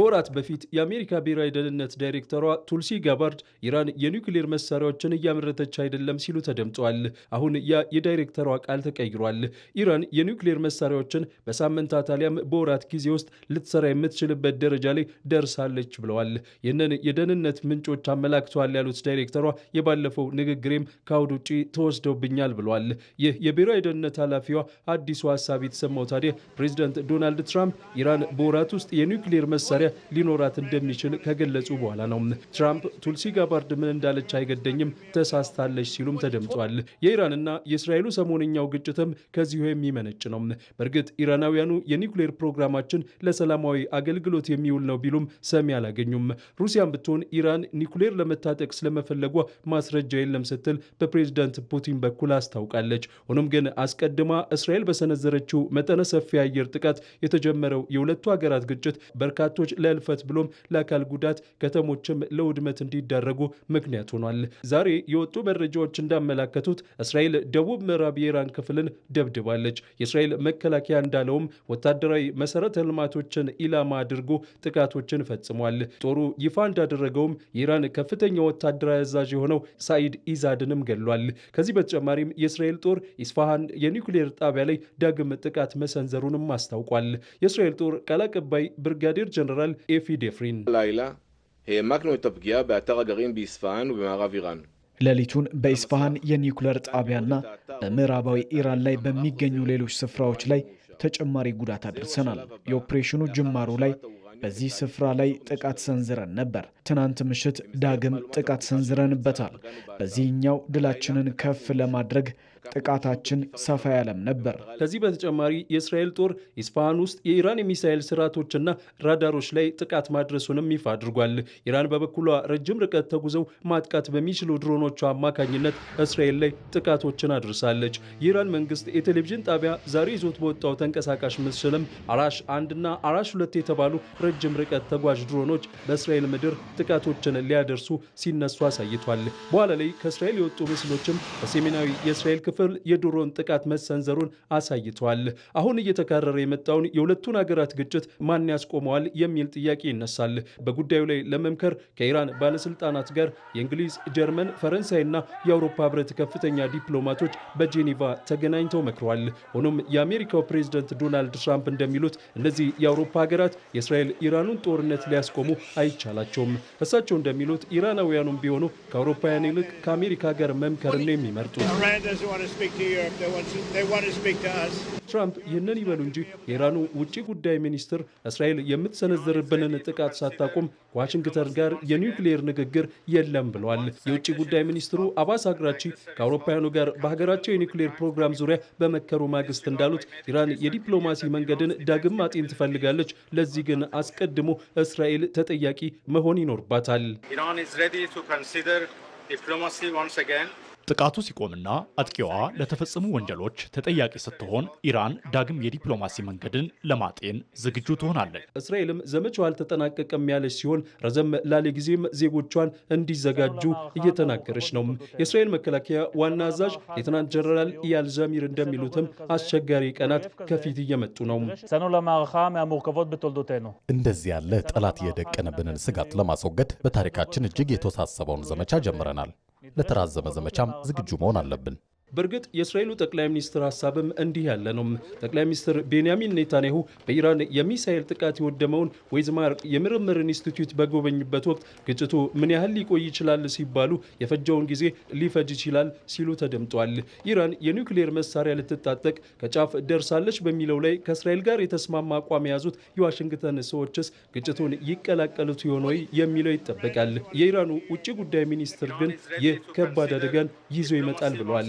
ከወራት በፊት የአሜሪካ ብሔራዊ ደህንነት ዳይሬክተሯ ቱልሲ ጋባርድ ኢራን የኒውክሌር መሳሪያዎችን እያመረተች አይደለም ሲሉ ተደምጠዋል። አሁን ያ የዳይሬክተሯ ቃል ተቀይሯል። ኢራን የኒውክሌር መሳሪያዎችን በሳምንታት አሊያም በወራት ጊዜ ውስጥ ልትሰራ የምትችልበት ደረጃ ላይ ደርሳለች ብለዋል። ይህንን የደህንነት ምንጮች አመላክተዋል ያሉት ዳይሬክተሯ የባለፈው ንግግሬም ከአውድ ውጪ ተወስደውብኛል ብለዋል። ይህ የብሔራዊ ደህንነት ኃላፊዋ አዲሱ ሀሳብ የተሰማው ታዲያ ፕሬዚደንት ዶናልድ ትራምፕ ኢራን በወራት ውስጥ የኒውክሌር መሳሪያ ሊኖራት እንደሚችል ከገለጹ በኋላ ነው። ትራምፕ ቱልሲ ጋባርድ ምን እንዳለች አይገደኝም፣ ተሳስታለች ሲሉም ተደምጧል። የኢራንና የእስራኤሉ ሰሞነኛው ግጭትም ከዚሁ የሚመነጭ ነው። በእርግጥ ኢራናውያኑ የኒውክሌር ፕሮግራማችን ለሰላማዊ አገልግሎት የሚውል ነው ቢሉም ሰሚ አላገኙም። ሩሲያን ብትሆን ኢራን ኒውክሌር ለመታጠቅ ስለመፈለጓ ማስረጃ የለም ስትል በፕሬዝዳንት ፑቲን በኩል አስታውቃለች። ሆኖም ግን አስቀድማ እስራኤል በሰነዘረችው መጠነ ሰፊ አየር ጥቃት የተጀመረው የሁለቱ ሀገራት ግጭት በርካቶች ሰዎች ለህልፈት ብሎም ለአካል ጉዳት ከተሞችም ለውድመት እንዲዳረጉ ምክንያት ሆኗል። ዛሬ የወጡ መረጃዎች እንዳመላከቱት እስራኤል ደቡብ ምዕራብ የኢራን ክፍልን ደብድባለች። የእስራኤል መከላከያ እንዳለውም ወታደራዊ መሰረተ ልማቶችን ኢላማ አድርጎ ጥቃቶችን ፈጽሟል። ጦሩ ይፋ እንዳደረገውም የኢራን ከፍተኛ ወታደራዊ አዛዥ የሆነው ሳኢድ ኢዛድንም ገድሏል። ከዚህ በተጨማሪም የእስራኤል ጦር ኢስፋሃን የኒውክሌር ጣቢያ ላይ ዳግም ጥቃት መሰንዘሩንም አስታውቋል። የእስራኤል ጦር ቃል አቀባይ ብርጋዴር ጀነራል ג'נרל אפי דפרין. הלילה העמקנו את הפגיעה באתר הגרעין באספהאן ובמערב איראን ሌሊቱን በኢስፋሃን የኒውክለር ጣቢያና በምዕራባዊ ኢራን ላይ በሚገኙ ሌሎች ስፍራዎች ላይ ተጨማሪ ጉዳት አድርሰናል። የኦፕሬሽኑ ጅማሮ ላይ በዚህ ስፍራ ላይ ጥቃት ሰንዝረን ነበር። ትናንት ምሽት ዳግም ጥቃት ሰንዝረንበታል። በዚህኛው ድላችንን ከፍ ለማድረግ ጥቃታችን ሰፋ ያለም ነበር። ከዚህ በተጨማሪ የእስራኤል ጦር ኢስፋሃን ውስጥ የኢራን የሚሳኤል ስርዓቶችና ራዳሮች ላይ ጥቃት ማድረሱንም ይፋ አድርጓል። ኢራን በበኩሏ ረጅም ርቀት ተጉዘው ማጥቃት በሚችሉ ድሮኖቿ አማካኝነት እስራኤል ላይ ጥቃቶችን አድርሳለች። የኢራን መንግስት የቴሌቪዥን ጣቢያ ዛሬ ይዞት በወጣው ተንቀሳቃሽ ምስልም አራሽ አንድና አራሽ ሁለት የተባሉ ረጅም ርቀት ተጓዥ ድሮኖች በእስራኤል ምድር ጥቃቶችን ሊያደርሱ ሲነሱ አሳይቷል። በኋላ ላይ ከእስራኤል የወጡ ምስሎችም በሰሜናዊ የእስራኤል ክፍል ክፍል የድሮን ጥቃት መሰንዘሩን አሳይቷል። አሁን እየተካረረ የመጣውን የሁለቱን ሀገራት ግጭት ማን ያስቆመዋል የሚል ጥያቄ ይነሳል። በጉዳዩ ላይ ለመምከር ከኢራን ባለስልጣናት ጋር የእንግሊዝ፣ ጀርመን፣ ፈረንሳይና የአውሮፓ ህብረት ከፍተኛ ዲፕሎማቶች በጄኔቫ ተገናኝተው መክረዋል። ሆኖም የአሜሪካው ፕሬዝደንት ዶናልድ ትራምፕ እንደሚሉት እነዚህ የአውሮፓ ሀገራት የእስራኤል ኢራኑን ጦርነት ሊያስቆሙ አይቻላቸውም። እሳቸው እንደሚሉት ኢራናውያኑም ቢሆኑ ከአውሮፓውያን ይልቅ ከአሜሪካ ጋር መምከር ነው የሚመርጡት። ትራምፕ ይህንን ይበሉ እንጂ የኢራኑ ውጭ ጉዳይ ሚኒስትር እስራኤል የምትሰነዝርብንን ጥቃት ሳታቁም ዋሽንግተን ጋር የኒውክሌር ንግግር የለም ብለዋል። የውጭ ጉዳይ ሚኒስትሩ አባስ አግራቺ ከአውሮፓውያኑ ጋር በሀገራቸው የኒውክሌር ፕሮግራም ዙሪያ በመከሩ ማግስት እንዳሉት ኢራን የዲፕሎማሲ መንገድን ዳግም ማጤን ትፈልጋለች። ለዚህ ግን አስቀድሞ እስራኤል ተጠያቂ መሆን ይኖርባታል። ጥቃቱ ሲቆምና አጥቂዋ ለተፈጸሙ ወንጀሎች ተጠያቂ ስትሆን ኢራን ዳግም የዲፕሎማሲ መንገድን ለማጤን ዝግጁ ትሆናለች። እስራኤልም ዘመቻው አልተጠናቀቀም ያለች ሲሆን ረዘም ላለ ጊዜም ዜጎቿን እንዲዘጋጁ እየተናገረች ነው። የእስራኤል መከላከያ ዋና አዛዥ ሌተናንት ጀነራል ኢያል ዛሚር እንደሚሉትም አስቸጋሪ ቀናት ከፊት እየመጡ ነው። እንደዚህ ያለ ጠላት የደቀነብንን ስጋት ለማስወገድ በታሪካችን እጅግ የተወሳሰበውን ዘመቻ ጀምረናል። ለተራዘመ ዘመቻም ዝግጁ መሆን አለብን። በእርግጥ የእስራኤሉ ጠቅላይ ሚኒስትር ሀሳብም እንዲህ ያለ ነው። ጠቅላይ ሚኒስትር ቤንያሚን ኔታንያሁ በኢራን የሚሳኤል ጥቃት የወደመውን ወይዝማር የምርምር ኢንስቲትዩት በጎበኝበት ወቅት ግጭቱ ምን ያህል ሊቆይ ይችላል ሲባሉ የፈጀውን ጊዜ ሊፈጅ ይችላል ሲሉ ተደምጧል። ኢራን የኒውክሌር መሳሪያ ልትታጠቅ ከጫፍ ደርሳለች በሚለው ላይ ከእስራኤል ጋር የተስማማ አቋም የያዙት የዋሽንግተን ሰዎችስ ግጭቱን ይቀላቀሉት ይሆን ወይ የሚለው ይጠበቃል። የኢራኑ ውጭ ጉዳይ ሚኒስትር ግን ይህ ከባድ አደጋን ይዞ ይመጣል ብሏል።